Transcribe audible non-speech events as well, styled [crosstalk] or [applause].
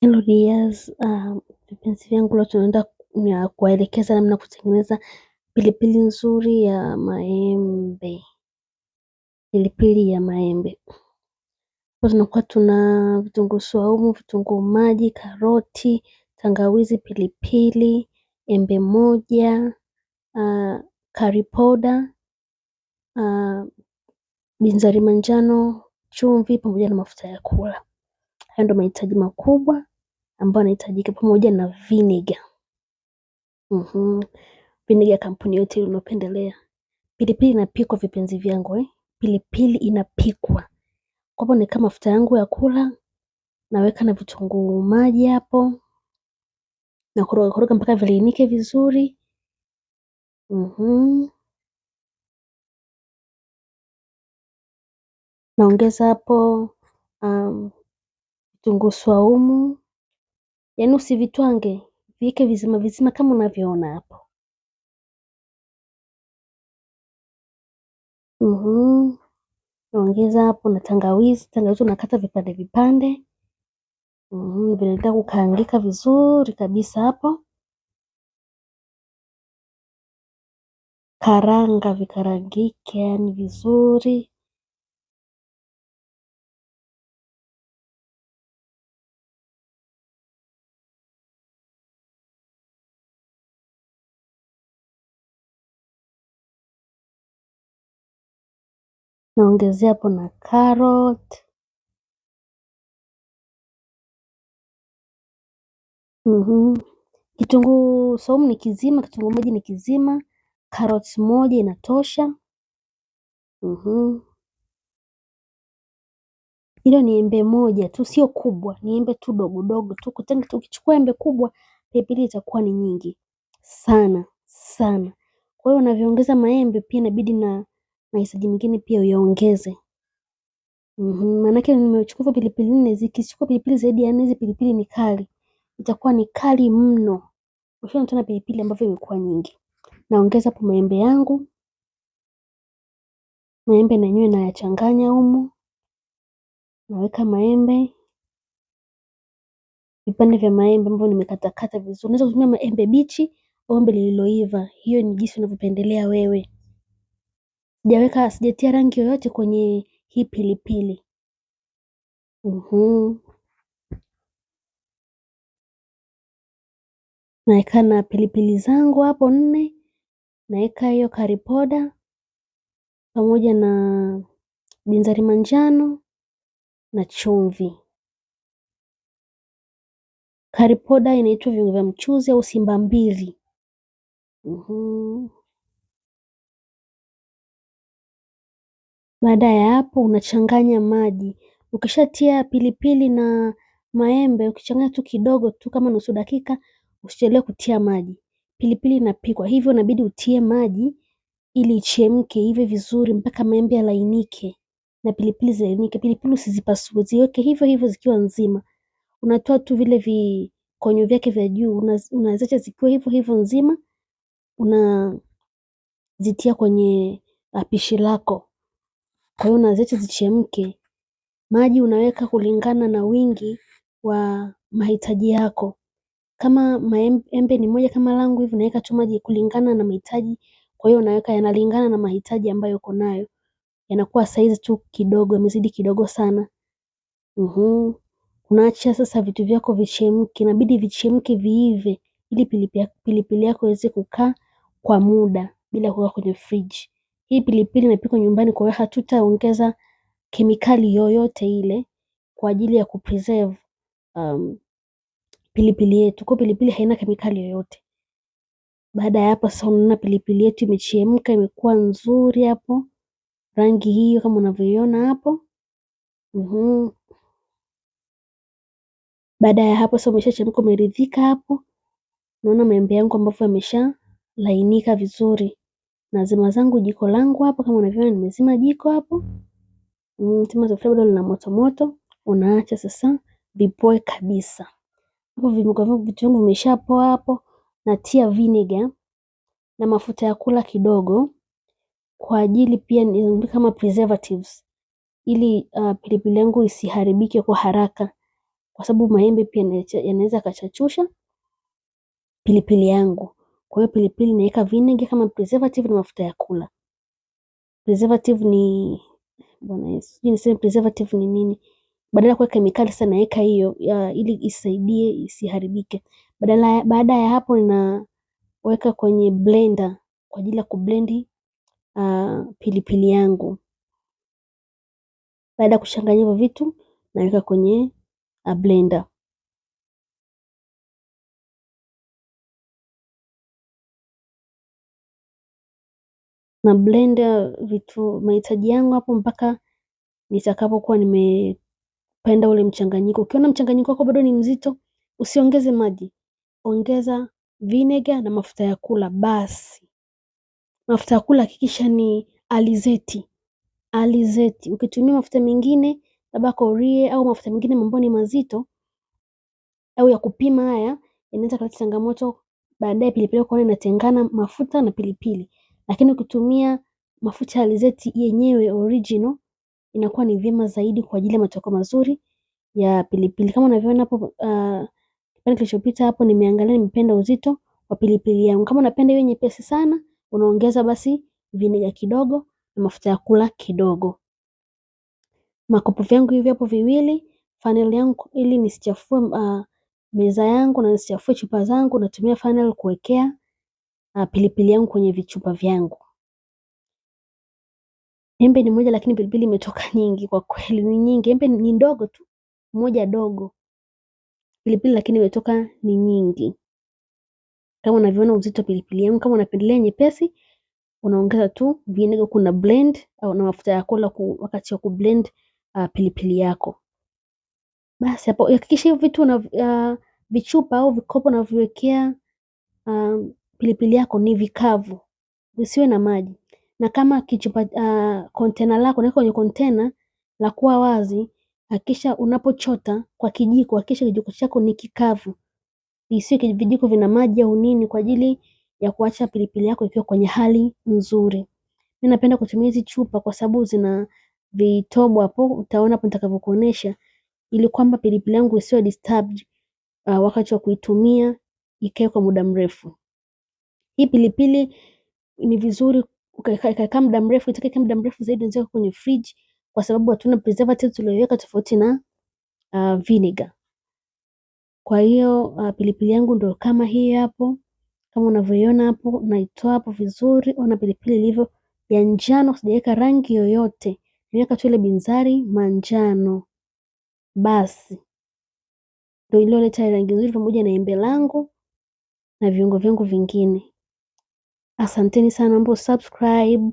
Hello um, vipenzi vyangu leo tunaenda kuwaelekeza namna kutengeneza pilipili nzuri ya maembe. Pilipili ya maembe. kwa tunakuwa tuna vitunguu swaumu, vitunguu maji, karoti, tangawizi, pilipili, embe moja, uh, curry powder, uh, binzari manjano, chumvi pamoja na mafuta ya kula. Hayo ndio mahitaji makubwa ambayo yanahitajika pamoja na vinegar. Mhm. Vinegar kampuni yote unapendelea. Pilipili inapikwa vipenzi vyangu eh. Pilipili inapikwa. Kwa hivyo kama mafuta yangu ya kula, naweka na vitunguu maji hapo, na koroga mpaka vilainike vizuri. Mhm. Naongeza hapo um, Vitunguu swaumu, yaani usivitwange, viweke vizima vizima kama unavyoona hapo. Mhm. Naongeza hapo na tangawizi, tangawizi unakata vipande vipande. Mhm, vinaendelea kukaangika vizuri kabisa hapo. Karanga vikarangike yani vizuri. Naongezea hapo na carrot mhm. kitunguu saumu ni kizima, kitunguu maji ni kizima, carrots moja inatosha. Mhm. Hilo ni embe moja tu, sio kubwa, ni embe tu dogo dogo tu. Ukichukua embe kubwa pilipili itakuwa ni nyingi sana sana. Kwa hiyo unavyoongeza maembe pia inabidi na mahitaji mengine pia uyaongeze. mm Maanake nimechukua pilipili nne, zikichukua pilipili zaidi ya nne, hizi pilipili ni kali, itakuwa ni kali mno. Ushaona tena pilipili ambavyo imekuwa nyingi. Naongeza hapo maembe yangu, maembe na yenyewe nayachanganya humo, naweka maembe, vipande vya maembe ambavyo nimekatakata vizuri. Unaweza kutumia maembe bichi au embe lililoiva, hiyo ni jinsi unavyopendelea wewe. Sijaweka sijatia rangi yoyote kwenye hii pilipili. Mhm. Naweka na pilipili zangu hapo nne, naweka hiyo curry powder, pamoja na binzari manjano, na chumvi. Curry powder inaitwa viungo vya mchuzi au simbambili. Mhm. Baada ya hapo unachanganya maji. Ukishatia pilipili na maembe, ukichanganya tu kidogo tu kama nusu dakika, usichelewe kutia maji. Pilipili inapikwa, hivyo inabidi utie maji ili ichemke iive vizuri mpaka maembe yalainike na pilipili zilainike. Pilipili usizipasue, ziweke hivyo hivyo zikiwa nzima. Unatoa tu vile vikonyo vyake vya juu, unaziacha zikiwa hivyo hivyo nzima, unazitia kwenye pishi lako. Kwa hiyo na zetu zichemke. Maji unaweka kulingana na wingi wa mahitaji yako. Kama maembe ni moja kama langu hivi naeka tu maji kulingana na mahitaji. Kwa hiyo unaweka yanalingana na mahitaji ambayo uko nayo. Yanakuwa saizi tu kidogo, yamezidi kidogo sana. Mhm. Unaacha sasa vitu vyako vichemke, inabidi vichemke viive ili pilipili yako iweze kukaa kwa muda bila kuwa kwenye friji. Hii pilipili imepikwa nyumbani kwa hiyo hatutaongeza kemikali yoyote ile kwa ajili ya kupreserve um, pilipili yetu. Kwa pilipili haina kemikali yoyote. Baada ya hapo sasa unaona pilipili yetu imechemka imekuwa nzuri hapo. Rangi hiyo kama unavyoiona hapo. Mhm. Baada ya hapo sasa umeshachemka umeridhika hapo. Unaona maembe yangu ambavyo lainika vizuri nazima zangu jiko langu hapo kama unavyoona nimezima jiko hapo. Mm, sufuria bado lina moto moto, unaacha sasa vipoe kabisa. Hapo vitu vyangu vimeshapoa hapo, natia vinegar na mafuta ya kula kidogo kwa ajili pia ni kama preservatives ili uh, pilipili yangu isiharibike kwa haraka, kwa sababu maembe pia yanaweza yakachachusha pilipili yangu. Kwa hiyo pilipili naweka vinegi kama preservative na mafuta ya kula. Preservative ni bwana Yesu, sijui niseme preservative ni nini? Badala ya kuweka kemikali sasa naweka hiyo ili isaidie isiharibike. Badala baada ya hapo ninaweka kwenye blender kwa ajili ya kublendi ah, pilipili yangu. Baada ya kuchanganya hivyo vitu naweka kwenye ah, blender. na blender vitu mahitaji yangu hapo mpaka nitakapokuwa nimependa ule mchanganyiko. Ukiona mchanganyiko wako bado ni mzito, usiongeze maji. Ongeza vinegar na mafuta ya kula basi. Mafuta ya kula hakikisha ni alizeti. Alizeti. Ukitumia mafuta mengine labda korie au mafuta mengine ambayo ni mazito au ya kupima haya, inaweza kuleta changamoto baadaye pilipili yako inatengana mafuta na pilipili. Lakini ukitumia mafuta ya alizeti yenyewe original inakuwa ni vyema zaidi kwa ajili ya matokeo mazuri ya pilipili. Kama unavyoona hapo ah, kipande kilichopita hapo nimeangalia nimependa uzito wa pilipili yangu. Kama unapenda iwe nyepesi sana unaongeza basi vinega kidogo na mafuta ya kula kidogo. Makopo vyangu hivi hapo viwili, funnel yangu ili nisichafue ah, meza yangu na nisichafue chupa zangu natumia funnel kuwekea Ah, pilipili yangu kwenye vichupa vyangu. Embe ni moja lakini pilipili imetoka [laughs] nyingi kwa kweli ni nyingi. Embe ni ndogo tu, moja dogo. Pilipili lakini imetoka ni nyingi. Kama unavyoona uzito pilipili yangu, kama unapendelea nyepesi, unaongeza tu vinegar, kuna blend au na mafuta ya kula ku, wakati wa kublend uh, pilipili yako. Basi hapo hakikisha hivyo vitu una ah, vichupa au vikopo unavyowekea um, pilipili yako ni vikavu, visiwe na maji. Na kama kichupa kontena ah, lako unaweka kwenye kontena la kuwa wazi, hakikisha unapochota kwa kijiko, hakikisha kijiko chako ni kikavu, visiwe vijiko vina maji au nini, kwa ajili ya kuacha pilipili yako ikiwa kwenye hali nzuri. Mi napenda kutumia hizi chupa kwa sababu zina vitobo hapo, utaona hapo nitakavyokuonesha, ili kwamba pilipili yangu isiwe disturbed ah, wakati wa kuitumia ikae kwa muda mrefu. Hii pilipili ni vizuri ikakaa muda mrefu, itakayokaa muda mrefu zaidi unaweza kwenye fridge kwa sababu hatuna preservative tuliyoiweka tofauti na uh, vinegar Kwa hiyo uh, pilipili yangu ndio kama hii hapo, kama unavyoiona hapo, naitoa hapo vizuri, ona pilipili ilivyo ya njano, sijaweka rangi yoyote, niweka tu ile binzari manjano. Basi ndio iliyoleta rangi nzuri pamoja na embe langu na viungo vyangu vingine. Asanteni sana mbo subscribe.